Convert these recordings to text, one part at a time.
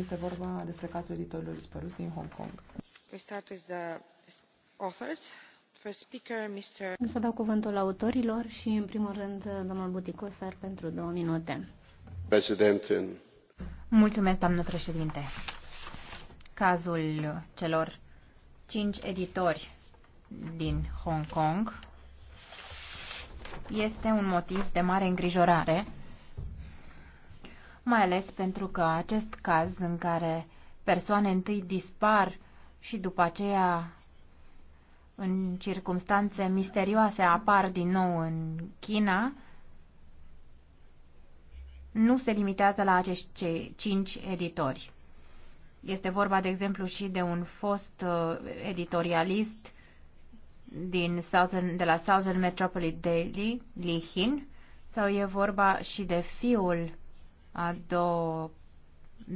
Este vorba despre cazul editorilor dispăruți din Hong Kong. We start with the authors. First speaker, Mr. Să dau cuvântul autorilor și, în primul rând, domnul Buticofer pentru două minute. President. Mulțumesc, doamnă președinte. Cazul celor cinci editori din Hong Kong este un motiv de mare îngrijorare mai ales pentru că acest caz în care persoane întâi dispar și după aceea în circunstanțe misterioase apar din nou în China, nu se limitează la acești cinci editori. Este vorba, de exemplu, și de un fost uh, editorialist din Southern, de la Southern Metropolis Daily, Li Hin, sau e vorba și de fiul a două,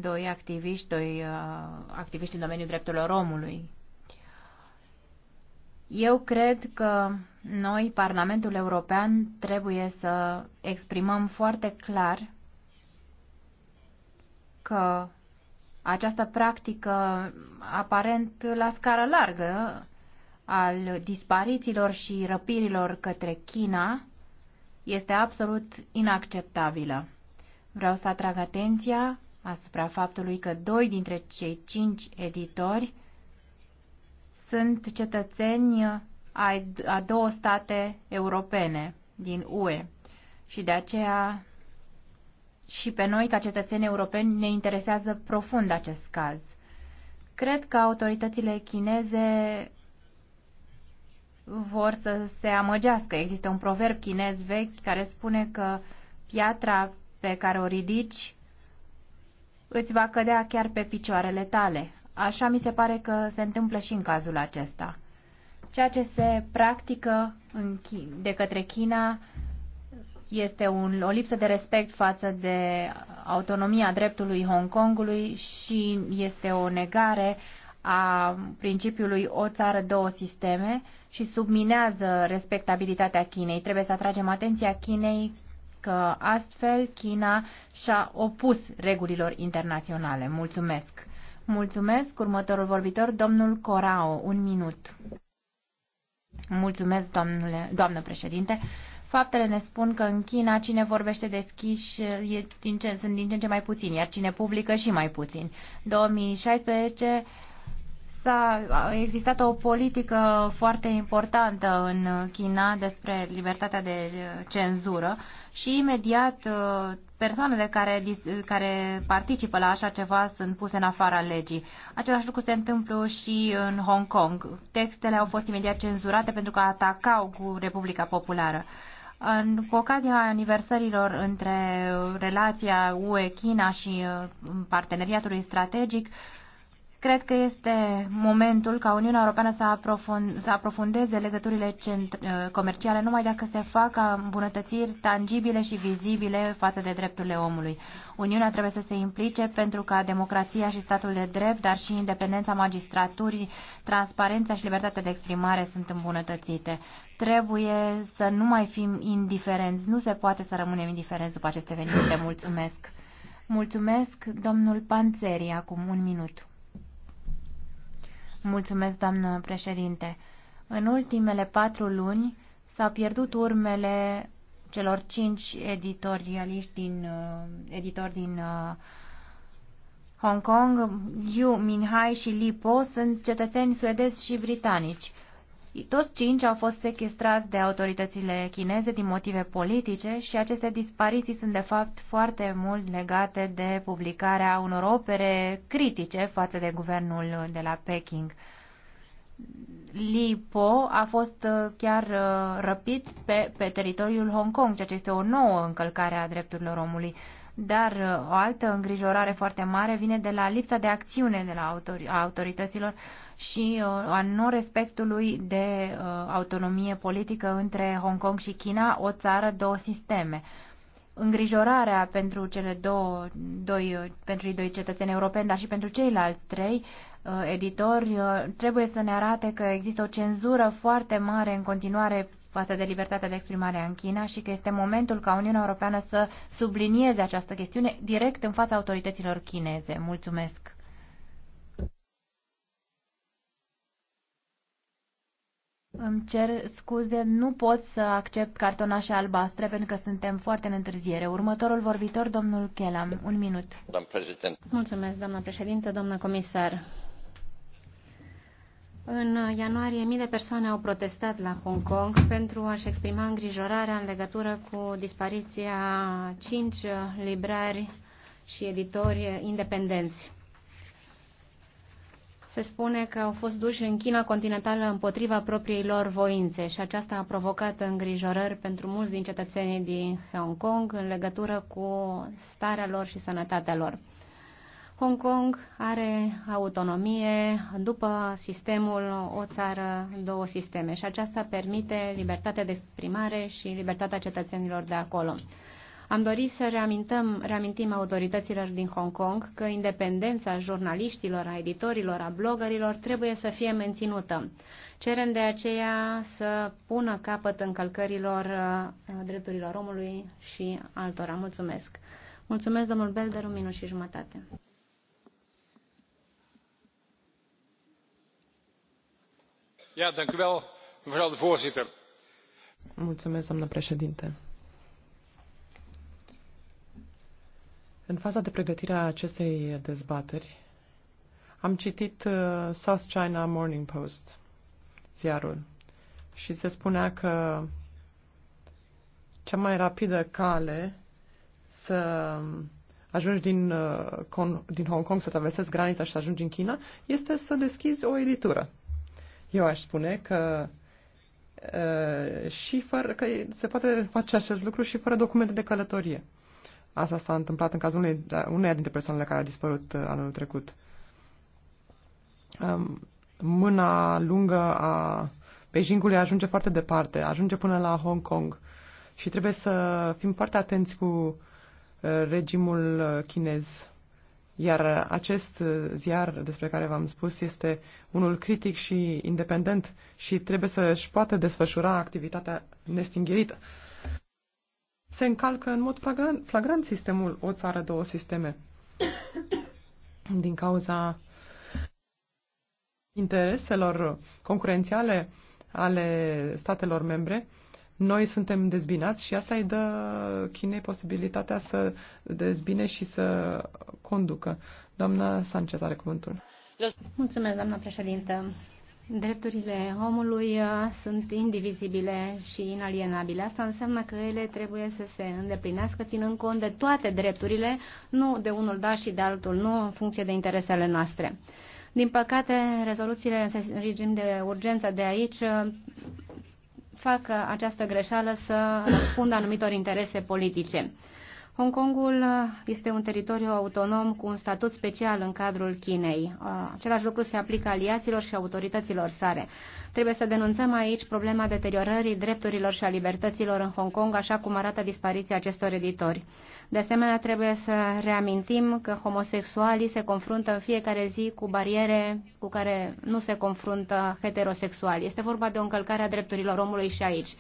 doi activiști, doi uh, activiști în domeniul drepturilor omului. Eu cred că noi, Parlamentul European, trebuie să exprimăm foarte clar că această practică aparent la scară largă al disparițiilor și răpirilor către China este absolut inacceptabilă. Vreau să atrag atenția asupra faptului că doi dintre cei cinci editori sunt cetățeni a două state europene din UE și de aceea și pe noi, ca cetățeni europeni, ne interesează profund acest caz. Cred că autoritățile chineze vor să se amăgească. Există un proverb chinez vechi care spune că piatra pe care o ridici îți va cădea chiar pe picioarele tale. Așa mi se pare că se întâmplă și în cazul acesta. Ceea ce se practică în China, de către China este un, o lipsă de respect față de autonomia dreptului Hong Kongului și este o negare a principiului o țară, două sisteme și subminează respectabilitatea Chinei. Trebuie să atragem atenția Chinei că astfel China și-a opus regulilor internaționale. Mulțumesc! Mulțumesc! Următorul vorbitor, domnul Corao, un minut. Mulțumesc, domnule, doamnă președinte. Faptele ne spun că în China cine vorbește deschis e din ce, sunt din ce în ce mai puțini, iar cine publică și mai puțin. 2016 exista, a existat o politică foarte importantă în China despre libertatea de cenzură și imediat uh, persoanele care, care participă la așa ceva sunt puse în afara legii. Același lucru se întâmplă și în Hong Kong. Textele au fost imediat cenzurate pentru că atacau cu Republica Populară. În, cu ocazia aniversărilor între relația UE-China și uh, parteneriatului strategic, Cred că este momentul ca Uniunea Europeană să, aprofund, să aprofundeze legăturile uh, comerciale numai dacă se fac îmbunătățiri tangibile și vizibile față de drepturile omului. Uniunea trebuie să se implice pentru ca democrația și statul de drept, dar și independența magistraturii, transparența și libertatea de exprimare sunt îmbunătățite. Trebuie să nu mai fim indiferenți. Nu se poate să rămânem indiferenți după aceste evenimente. Mulțumesc! Mulțumesc, domnul Panțeri, acum un minut. Mulțumesc, doamnă președinte. În ultimele patru luni s-au pierdut urmele celor cinci editorialiști din, uh, editori din uh, Hong Kong, Yu Minhai și Li Po, sunt cetățeni suedezi și britanici. Toți cinci au fost sequestrați de autoritățile chineze din motive politice și aceste dispariții sunt de fapt foarte mult legate de publicarea unor opere critice față de guvernul de la Peking. Li Po a fost uh, chiar uh, răpit pe, pe teritoriul Hong Kong, ceea ce este o nouă încălcare a drepturilor omului. Dar uh, o altă îngrijorare foarte mare vine de la lipsa de acțiune de la autor- a autorităților și uh, a non-respectului de uh, autonomie politică între Hong Kong și China, o țară, două sisteme îngrijorarea pentru cele două, doi, pentru cei doi cetățeni europeni, dar și pentru ceilalți trei editori, trebuie să ne arate că există o cenzură foarte mare în continuare față de libertatea de exprimare în China și că este momentul ca Uniunea Europeană să sublinieze această chestiune direct în fața autorităților chineze. Mulțumesc! Îmi cer scuze, nu pot să accept cartonașe albastre pentru că suntem foarte în întârziere. Următorul vorbitor, domnul Kelam. Un minut. Mulțumesc, doamna președinte, doamna comisar. În ianuarie, mii de persoane au protestat la Hong Kong pentru a-și exprima îngrijorarea în legătură cu dispariția cinci librari și editori independenți. Se spune că au fost duși în China continentală împotriva propriei lor voințe și aceasta a provocat îngrijorări pentru mulți din cetățenii din Hong Kong în legătură cu starea lor și sănătatea lor. Hong Kong are autonomie după sistemul o țară, două sisteme și aceasta permite libertatea de exprimare și libertatea cetățenilor de acolo. Am dorit să reamintăm, reamintim autorităților din Hong Kong că independența jurnaliștilor, a editorilor, a blogărilor trebuie să fie menținută. Cerem de aceea să pună capăt încălcărilor uh, drepturilor omului și altora. Mulțumesc! Mulțumesc, domnul Belder, un minut și jumătate. Mulțumesc, doamnă președinte. În faza de pregătire a acestei dezbateri, am citit uh, South China Morning Post, ziarul, și se spunea că cea mai rapidă cale să ajungi din, uh, din Hong Kong, să traversezi granița și să ajungi în China, este să deschizi o editură. Eu aș spune că uh, și fără, că se poate face acest lucru și fără documente de călătorie. Asta s-a întâmplat în cazul unei, uneia dintre persoanele care a dispărut uh, anul trecut. Um, mâna lungă a Beijingului ajunge foarte departe, ajunge până la Hong Kong și trebuie să fim foarte atenți cu uh, regimul uh, chinez iar acest ziar despre care v-am spus este unul critic și independent și trebuie să își poată desfășura activitatea nestingherită. Se încalcă în mod flagrant, flagrant sistemul o țară, două sisteme. Din cauza intereselor concurențiale ale statelor membre, noi suntem dezbinați și asta îi dă Chinei posibilitatea să dezbine și să conducă. Doamna Sanchez are cuvântul. Mulțumesc, doamna președintă. Drepturile omului uh, sunt indivizibile și inalienabile. Asta înseamnă că ele trebuie să se îndeplinească ținând cont de toate drepturile, nu de unul da și de altul nu, în funcție de interesele noastre. Din păcate, rezoluțiile în regim de urgență de aici uh, fac această greșeală să răspundă anumitor interese politice. Hong Kongul uh, este un teritoriu autonom cu un statut special în cadrul Chinei. Uh, același lucru se aplică aliaților și autorităților sare. Trebuie să denunțăm aici problema deteriorării drepturilor și a libertăților în Hong Kong, așa cum arată dispariția acestor editori. De asemenea, trebuie să reamintim că homosexualii se confruntă în fiecare zi cu bariere cu care nu se confruntă heterosexuali. Este vorba de o încălcare a drepturilor omului și aici.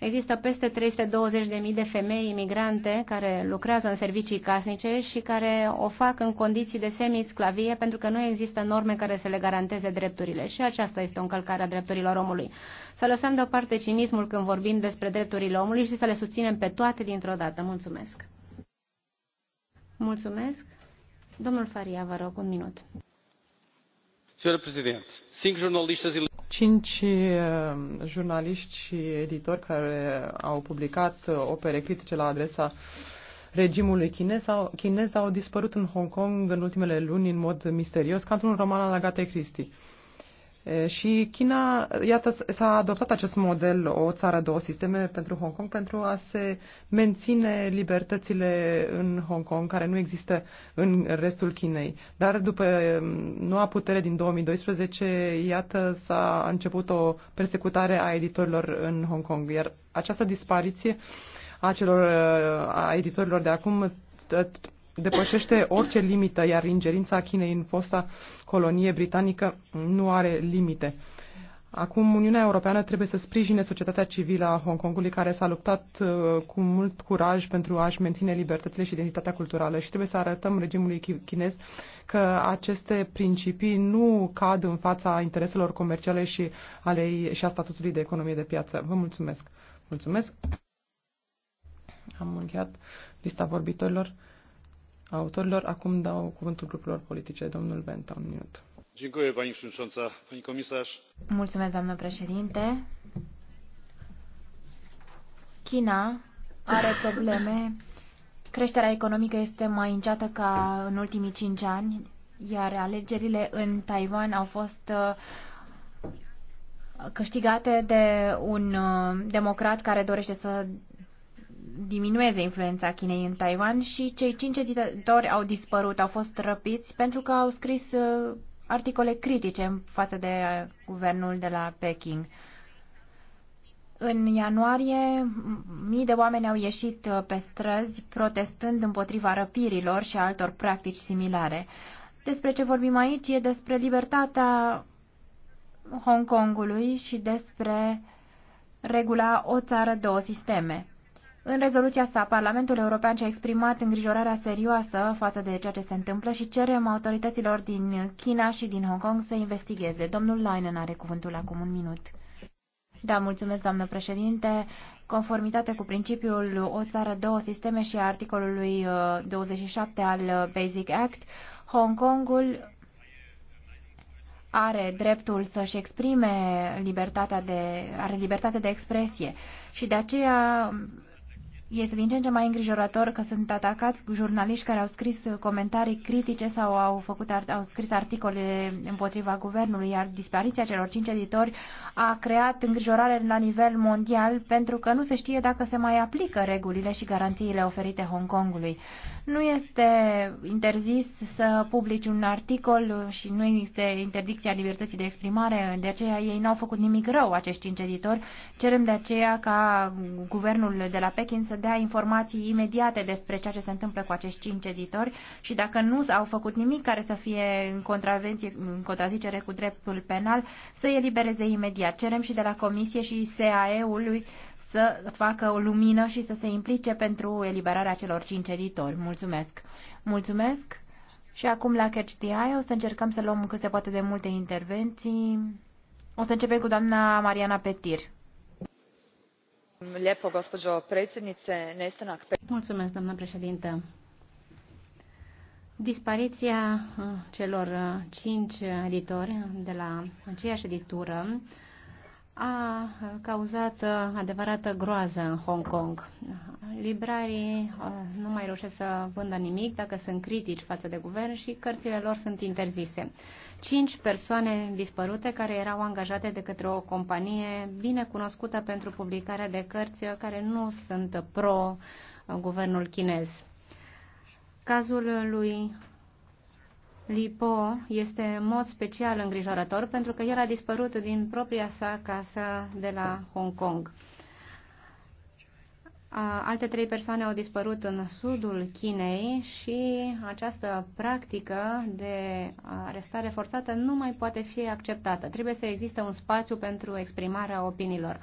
Există peste 320.000 de femei imigrante care lucrează în servicii casnice și care o fac în condiții de semisclavie pentru că nu există norme care să le garanteze drepturile și aceasta este o încălcare a drepturilor omului. Să lăsăm deoparte cinismul când vorbim despre drepturile omului și să le susținem pe toate dintr-o dată. Mulțumesc! Mulțumesc! Domnul Faria, vă rog, un minut. Președinte, cinci eh, jurnaliști și editori care au publicat opere critice la adresa regimului chinez au, chinez au dispărut în Hong Kong în ultimele luni în mod misterios, ca într-un roman al Agatei Christie. Și China, iată, s-a adoptat acest model, o țară, două sisteme pentru Hong Kong, pentru a se menține libertățile în Hong Kong, care nu există în restul Chinei. Dar după mm, noua putere din 2012, iată, s-a început o persecutare a editorilor în Hong Kong. Iar această dispariție a, celor, a editorilor de acum depășește orice limită, iar ingerința Chinei în fosta colonie britanică nu are limite. Acum Uniunea Europeană trebuie să sprijine societatea civilă a Hong Kongului care s-a luptat uh, cu mult curaj pentru a-și menține libertățile și identitatea culturală și trebuie să arătăm regimului chinez că aceste principii nu cad în fața intereselor comerciale și, ale, și a statutului de economie de piață. Vă mulțumesc! Mulțumesc! Am încheiat lista vorbitorilor autorilor. Acum dau cuvântul grupurilor politice. Domnul Venta, un minut. Mulțumesc, doamnă președinte. China are probleme. Creșterea economică este mai înceată ca în ultimii cinci ani, iar alegerile în Taiwan au fost uh, câștigate de un uh, democrat care dorește să diminueze influența Chinei în Taiwan și cei cinci editori au dispărut, au fost răpiți pentru că au scris uh, articole critice în față de uh, guvernul de la Peking. În ianuarie, mii de oameni au ieșit uh, pe străzi protestând împotriva răpirilor și altor practici similare. Despre ce vorbim aici e despre libertatea Hong Kongului și despre regula o țară, două sisteme. În rezoluția sa, Parlamentul European și-a exprimat îngrijorarea serioasă față de ceea ce se întâmplă și cerem autorităților din China și din Hong Kong să investigheze. Domnul Leinen are cuvântul acum un minut. Da, mulțumesc, doamnă președinte. Conformitate cu principiul o țară, două sisteme și articolului 27 uh, al Basic Act, Hong Kongul are dreptul să-și exprime libertatea de, are libertate de expresie și de aceea este din ce în ce mai îngrijorător că sunt atacați jurnaliști care au scris comentarii critice sau au, făcut, au scris articole împotriva guvernului, iar dispariția celor cinci editori a creat îngrijorare la nivel mondial pentru că nu se știe dacă se mai aplică regulile și garantiile oferite Hong Kongului. Nu este interzis să publici un articol și nu este interdicția libertății de exprimare, de aceea ei n-au făcut nimic rău, acești cinci editori. Cerem de aceea ca guvernul de la Pekin să dea informații imediate despre ceea ce se întâmplă cu acești cinci editori și dacă nu au făcut nimic care să fie în, contravenție, în contrazicere cu dreptul penal, să elibereze imediat. Cerem și de la Comisie și SAE-ului să facă o lumină și să se implice pentru eliberarea celor cinci editori. Mulțumesc! Mulțumesc! Și acum la Catch the Eye o să încercăm să luăm cât se poate de multe intervenții. O să începem cu doamna Mariana Petir. Mulțumesc, doamnă președintă. Dispariția uh, celor uh, cinci uh, editori de la aceeași editură a cauzat uh, adevărată groază în Hong Kong. Librarii uh, nu mai reușesc să vândă nimic dacă sunt critici față de guvern și cărțile lor sunt interzise. Cinci persoane dispărute care erau angajate de către o companie bine cunoscută pentru publicarea de cărți uh, care nu sunt pro guvernul chinez. Cazul lui Lipo este în mod special îngrijorător pentru că el a dispărut din propria sa casă de la Hong Kong. Alte trei persoane au dispărut în sudul Chinei și această practică de arestare forțată nu mai poate fi acceptată. Trebuie să existe un spațiu pentru exprimarea opiniilor.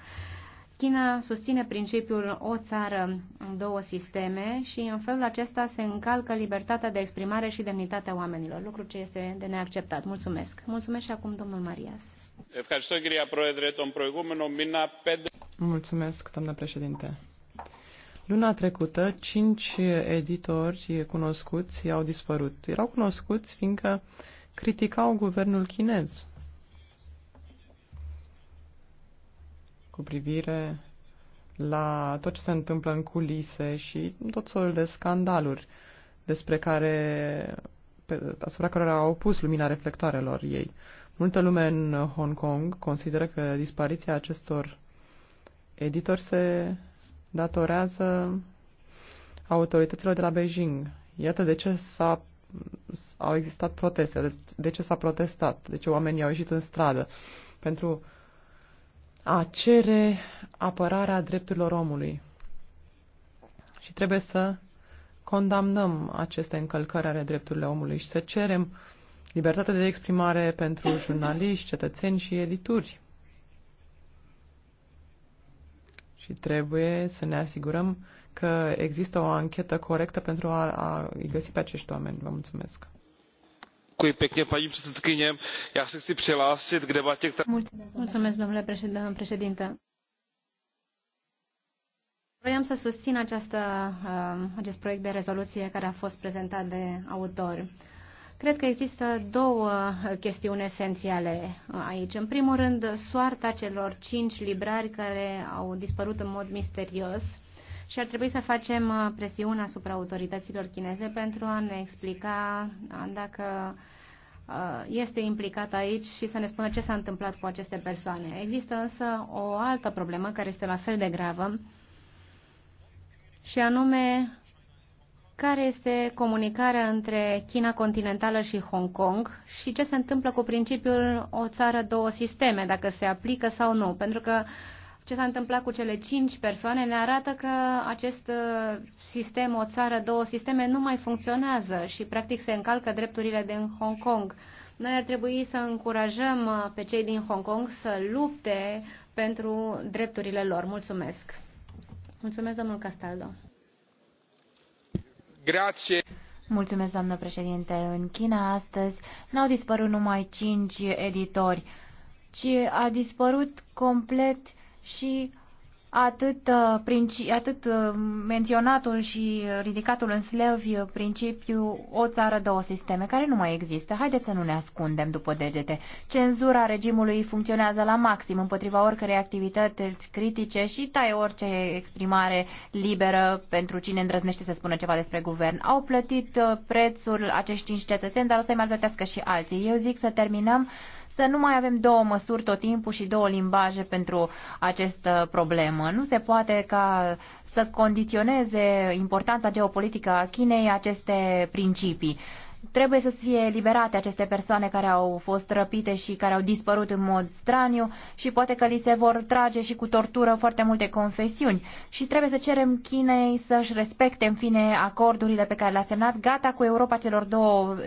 China susține principiul o țară, două sisteme și în felul acesta se încalcă libertatea de exprimare și demnitatea oamenilor, lucru ce este de neacceptat. Mulțumesc. Mulțumesc și acum domnul Marias. Mulțumesc, doamnă președinte. Luna trecută, cinci editori cunoscuți au dispărut. Erau cunoscuți fiindcă criticau guvernul chinez cu privire la tot ce se întâmplă în culise și tot felul de scandaluri despre care, pe, asupra care au pus lumina reflectoarelor ei. Multă lume în Hong Kong consideră că dispariția acestor editori se datorează autorităților de la Beijing. Iată de ce s-a, au existat proteste, de, de ce s-a protestat, de ce oamenii au ieșit în stradă. Pentru a cere apărarea drepturilor omului. Și trebuie să condamnăm aceste încălcări ale drepturilor omului și să cerem libertate de exprimare pentru jurnaliști, cetățeni și edituri. Și trebuie să ne asigurăm că există o anchetă corectă pentru a, a găsi pe acești oameni. Vă mulțumesc paní předsedající já se chci přihlásit k debatě která. Vreau să susțin această, uh, acest proiect de rezoluție care a fost prezentat de autor. Cred că există două chestiuni esențiale aici. În primul rând, soarta celor cinci librari care au dispărut în mod misterios și ar trebui să facem uh, presiune asupra autorităților chineze pentru a ne explica uh, dacă Uh, este implicat aici și să ne spună ce s-a întâmplat cu aceste persoane. Există însă o altă problemă care este la fel de gravă și anume care este comunicarea între China continentală și Hong Kong și ce se întâmplă cu principiul o țară, două sisteme, dacă se aplică sau nu. Pentru că uh, ce s-a întâmplat cu cele cinci persoane ne arată că acest uh, sistem, o țară, două sisteme, nu mai funcționează și practic se încalcă drepturile din Hong Kong. Noi ar trebui să încurajăm uh, pe cei din Hong Kong să lupte pentru drepturile lor. Mulțumesc. Mulțumesc, domnul Castaldo. Grazie. Mulțumesc, doamnă președinte. În China astăzi n-au dispărut numai cinci editori, ci a dispărut complet uh, și atât, uh, atât uh, menționatul și ridicatul în slevi uh, principiu o țară, două sisteme, care nu mai există. Haideți să nu ne ascundem după degete. Cenzura regimului funcționează la maxim împotriva oricărei activități critice și taie orice exprimare liberă pentru cine îndrăznește să spună ceva despre guvern. Au plătit prețul acești cinci cetățeni, dar o să-i mai plătească și alții. Eu zic să terminăm să nu mai avem două măsuri tot timpul și două limbaje pentru această problemă. Nu se poate ca să condiționeze importanța geopolitică a Chinei aceste principii. Trebuie să fie liberate aceste persoane care au fost răpite și care au dispărut în mod straniu și poate că li se vor trage și cu tortură foarte multe confesiuni. Și trebuie să cerem Chinei să-și respecte, în fine, acordurile pe care le-a semnat. Gata cu Europa celor două uh,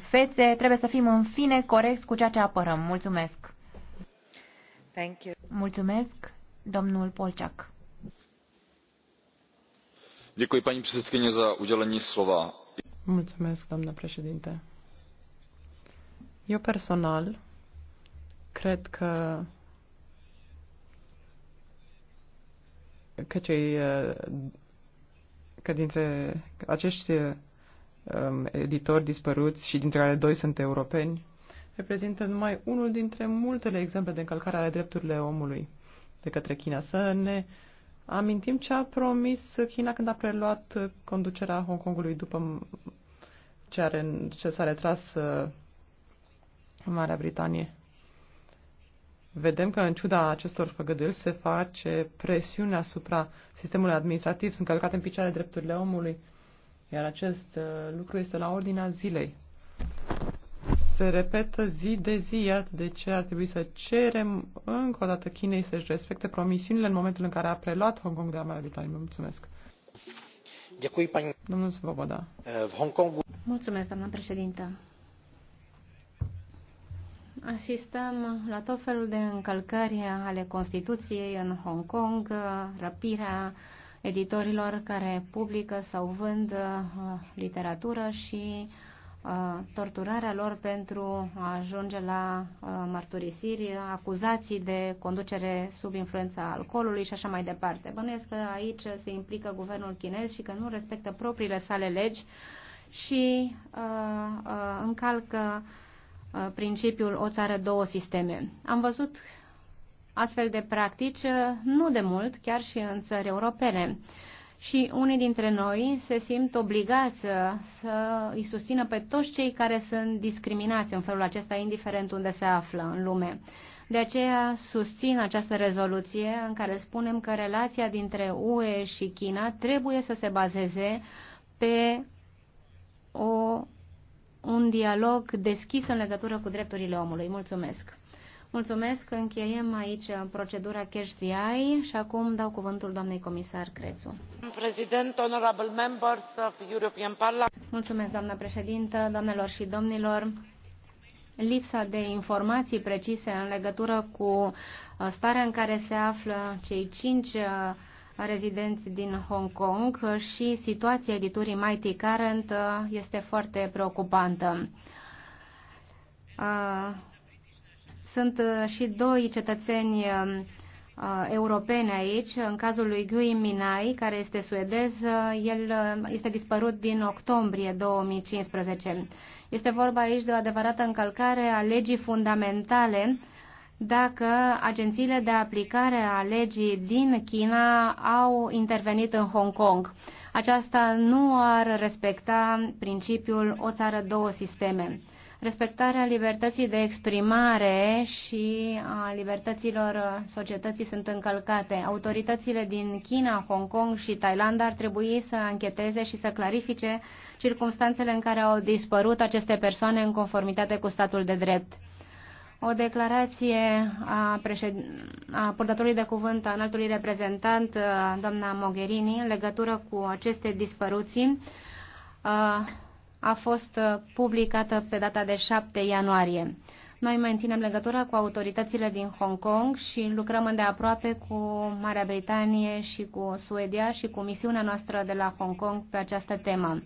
fețe. Trebuie să fim, în fine, corecți cu ceea ce apărăm. Mulțumesc! Thank you. Mulțumesc, domnul Polciac. Děkuji paní předsedkyně za udělení slova Mulțumesc, doamnă președinte. Eu personal cred că că cei că dintre acești um, editori dispăruți și dintre care doi sunt europeni reprezintă numai unul dintre multele exemple de încălcare ale drepturilor omului de către China. Să ne amintim ce a promis China când a preluat conducerea Hong Kongului după ce, are, ce s-a retras uh, în Marea Britanie. Vedem că, în ciuda acestor făgăduiri, se face presiune asupra sistemului administrativ, sunt călcate în picioare drepturile omului, iar acest uh, lucru este la ordinea zilei. Se repetă zi de zi, iată de ce ar trebui să cerem încă o dată Chinei să-și respecte promisiunile în momentul în care a preluat Hong Kong de la Marea Britanie. Mulțumesc! doamnă președintă. Asistăm la tot felul de încălcări ale Constituției în Hong Kong, răpirea editorilor care publică sau vând uh, literatură și uh, torturarea lor pentru a ajunge la mărturisiri, acuzații de conducere sub influența alcoolului și așa mai departe. Bănuiesc că aici se implică guvernul chinez și că nu respectă propriile sale legi și încalcă principiul o țară, două sisteme. Am văzut astfel de practici nu de mult, chiar și în țări europene. Uh, și unii dintre noi se simt obligați să îi susțină pe toți cei care sunt discriminați în felul acesta, indiferent unde se află în lume. De aceea susțin această rezoluție în care spunem că relația dintre UE și China trebuie să se bazeze pe o, un dialog deschis în legătură cu drepturile omului. Mulțumesc! Mulțumesc, încheiem aici uh, procedura Cash DI și acum dau cuvântul doamnei comisar Crețu. President, honorable members of European Parliament. Mulțumesc, doamna președintă, doamnelor și domnilor lipsa de informații precise în legătură cu uh, starea în care se află cei cinci uh, rezidenți din Hong Kong și situația editurii Mighty Current este foarte preocupantă. Sunt uh, și doi cetățeni uh, uh, europene aici, în cazul lui Gui Minai, care este suedez, el este dispărut din octombrie 2015. Este vorba aici de o adevărată încălcare a legii fundamentale dacă agențiile de aplicare a legii din China au intervenit în Hong Kong. Aceasta nu ar respecta principiul o țară, două sisteme. Respectarea libertății de exprimare și a libertăților societății sunt încălcate. Autoritățile din China, Hong Kong și Thailanda ar trebui să încheteze și să clarifice circumstanțele în care au dispărut aceste persoane în conformitate cu statul de drept. O declarație a, președ... a purtătorului de cuvânt a înaltului reprezentant, uh, doamna Mogherini, în legătură cu aceste dispăruții, uh, a fost uh, publicată pe data de 7 ianuarie. Noi menținem legătura cu autoritățile din Hong Kong și lucrăm îndeaproape cu Marea Britanie și cu Suedia și cu misiunea noastră de la Hong Kong pe această temă.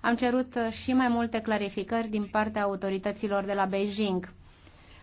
Am cerut uh, și mai multe clarificări din partea autorităților de la Beijing.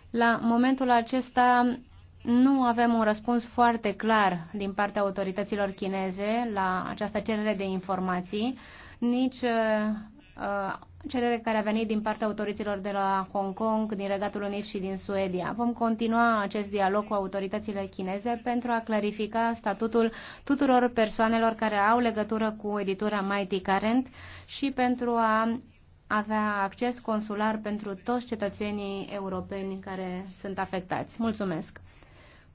La momentul acesta nu avem un răspuns foarte clar din partea autorităților chineze la această cerere de informații, nici uh, Uh, cerere care a venit din partea autorităților de la Hong Kong, din Regatul Unit și din Suedia. Vom continua acest dialog cu autoritățile chineze pentru a clarifica statutul tuturor persoanelor care au legătură cu editura Mighty Current și pentru a avea acces consular pentru toți cetățenii europeni care sunt afectați. Mulțumesc!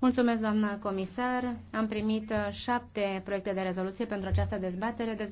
Mulțumesc, doamna comisar. Am primit șapte proiecte de rezoluție pentru această dezbatere.